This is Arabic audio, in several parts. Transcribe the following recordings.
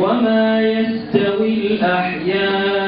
وما يستوي الأحياء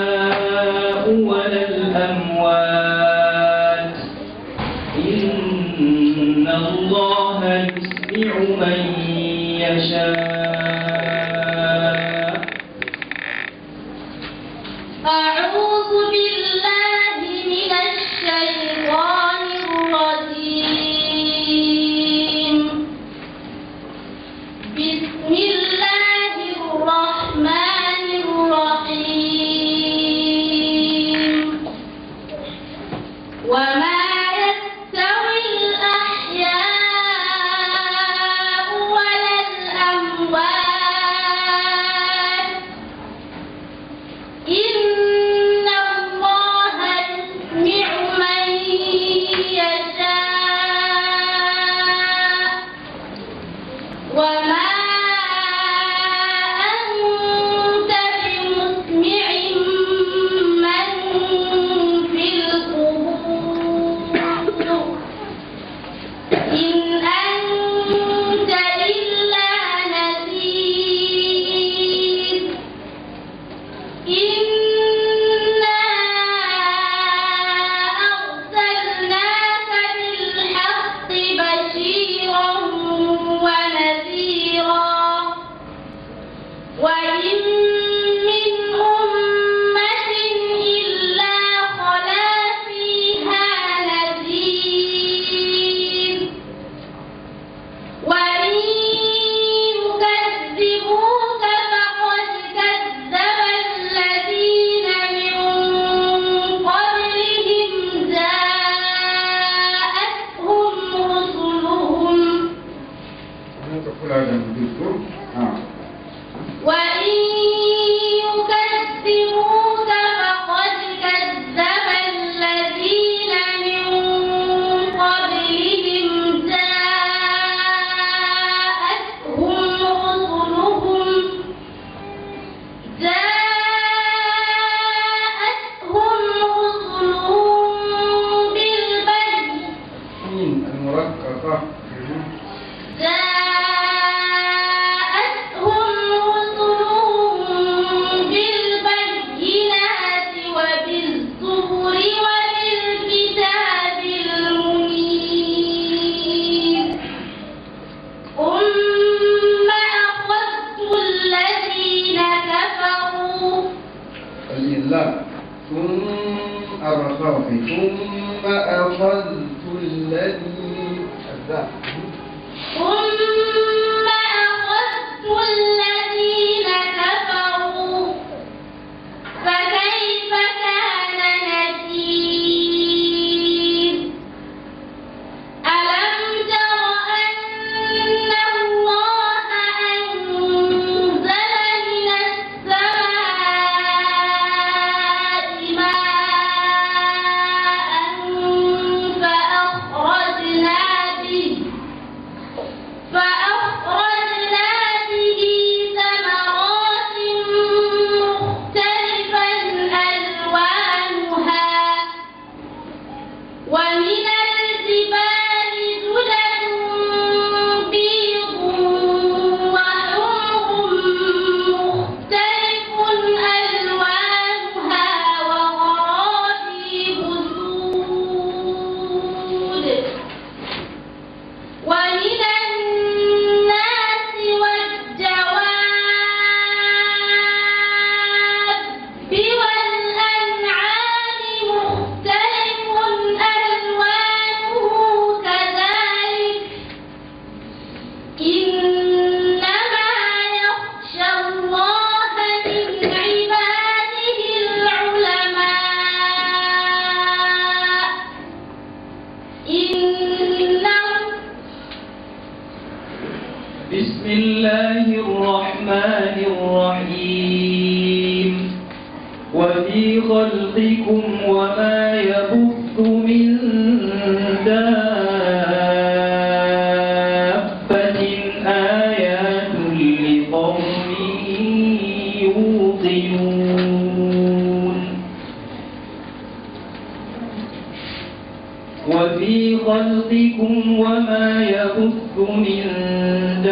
Y بسم الله الرحمن الرحيم وفي خلقكم وما يبث من دار وفي خلقكم وما يبث من دابة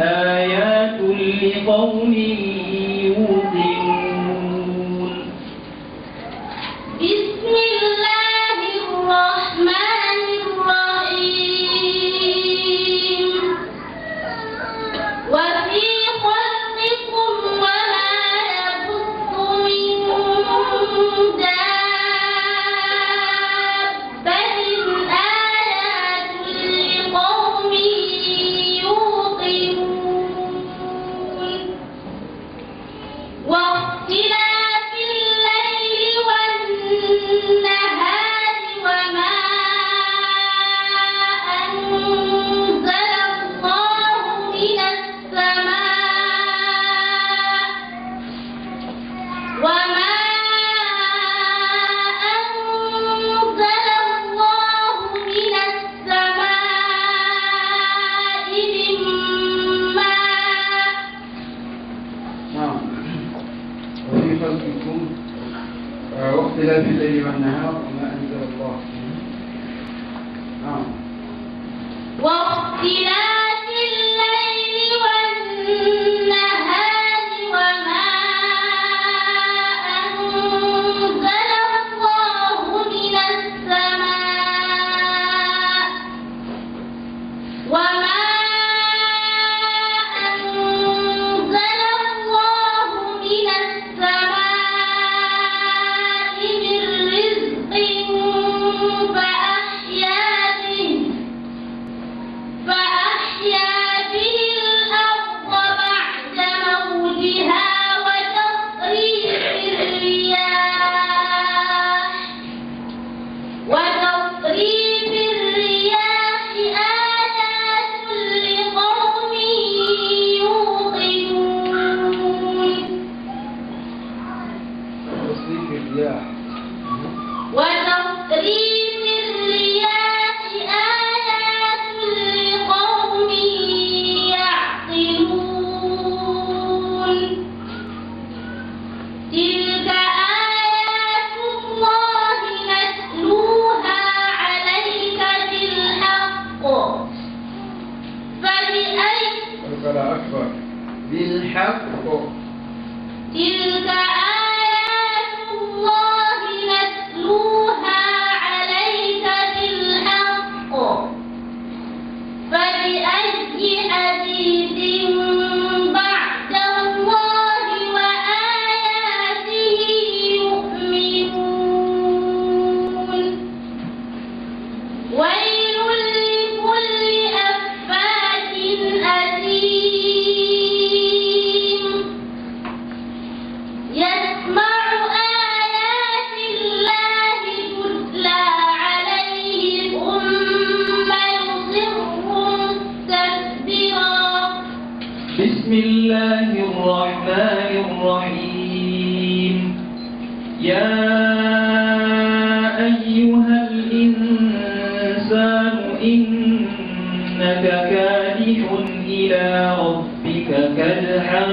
آيات لقوم واختلاف الليل والنهار وما أنزل الله نعم. واختلاف بالحق تلك يا أيها الإنسان إنك كادح إلى ربك كدحا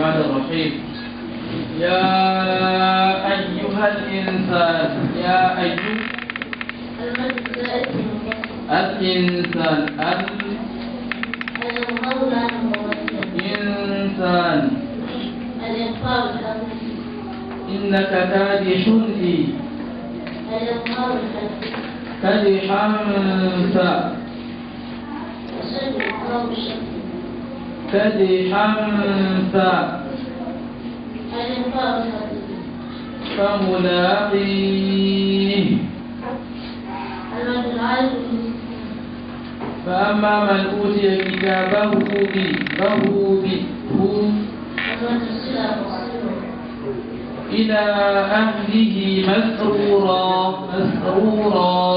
الرحمن الرحيم يا أيها الإنسان يا أيها الإنسان الإنسان إنك كادح لي كادحا فدي حمزة فملاقيه فأما من أوتي كتابه به بمهوبه إلى أهله مسرورا مسرورا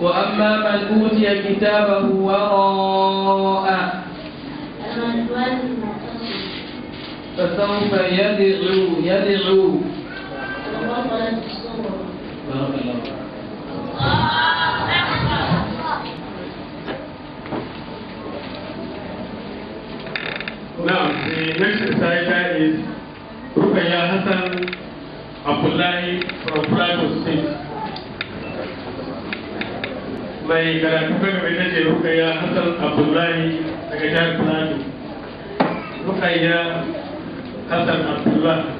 وأما من أوتي كتابه وراء فسوف يدعو يدعو Now, the next reciter is Rukaya Hassan Abdullahi from Private State. mai karatu kai mai nace rukaiya hassan abdullahi daga jihar plateau rukaiya hassan abdullahi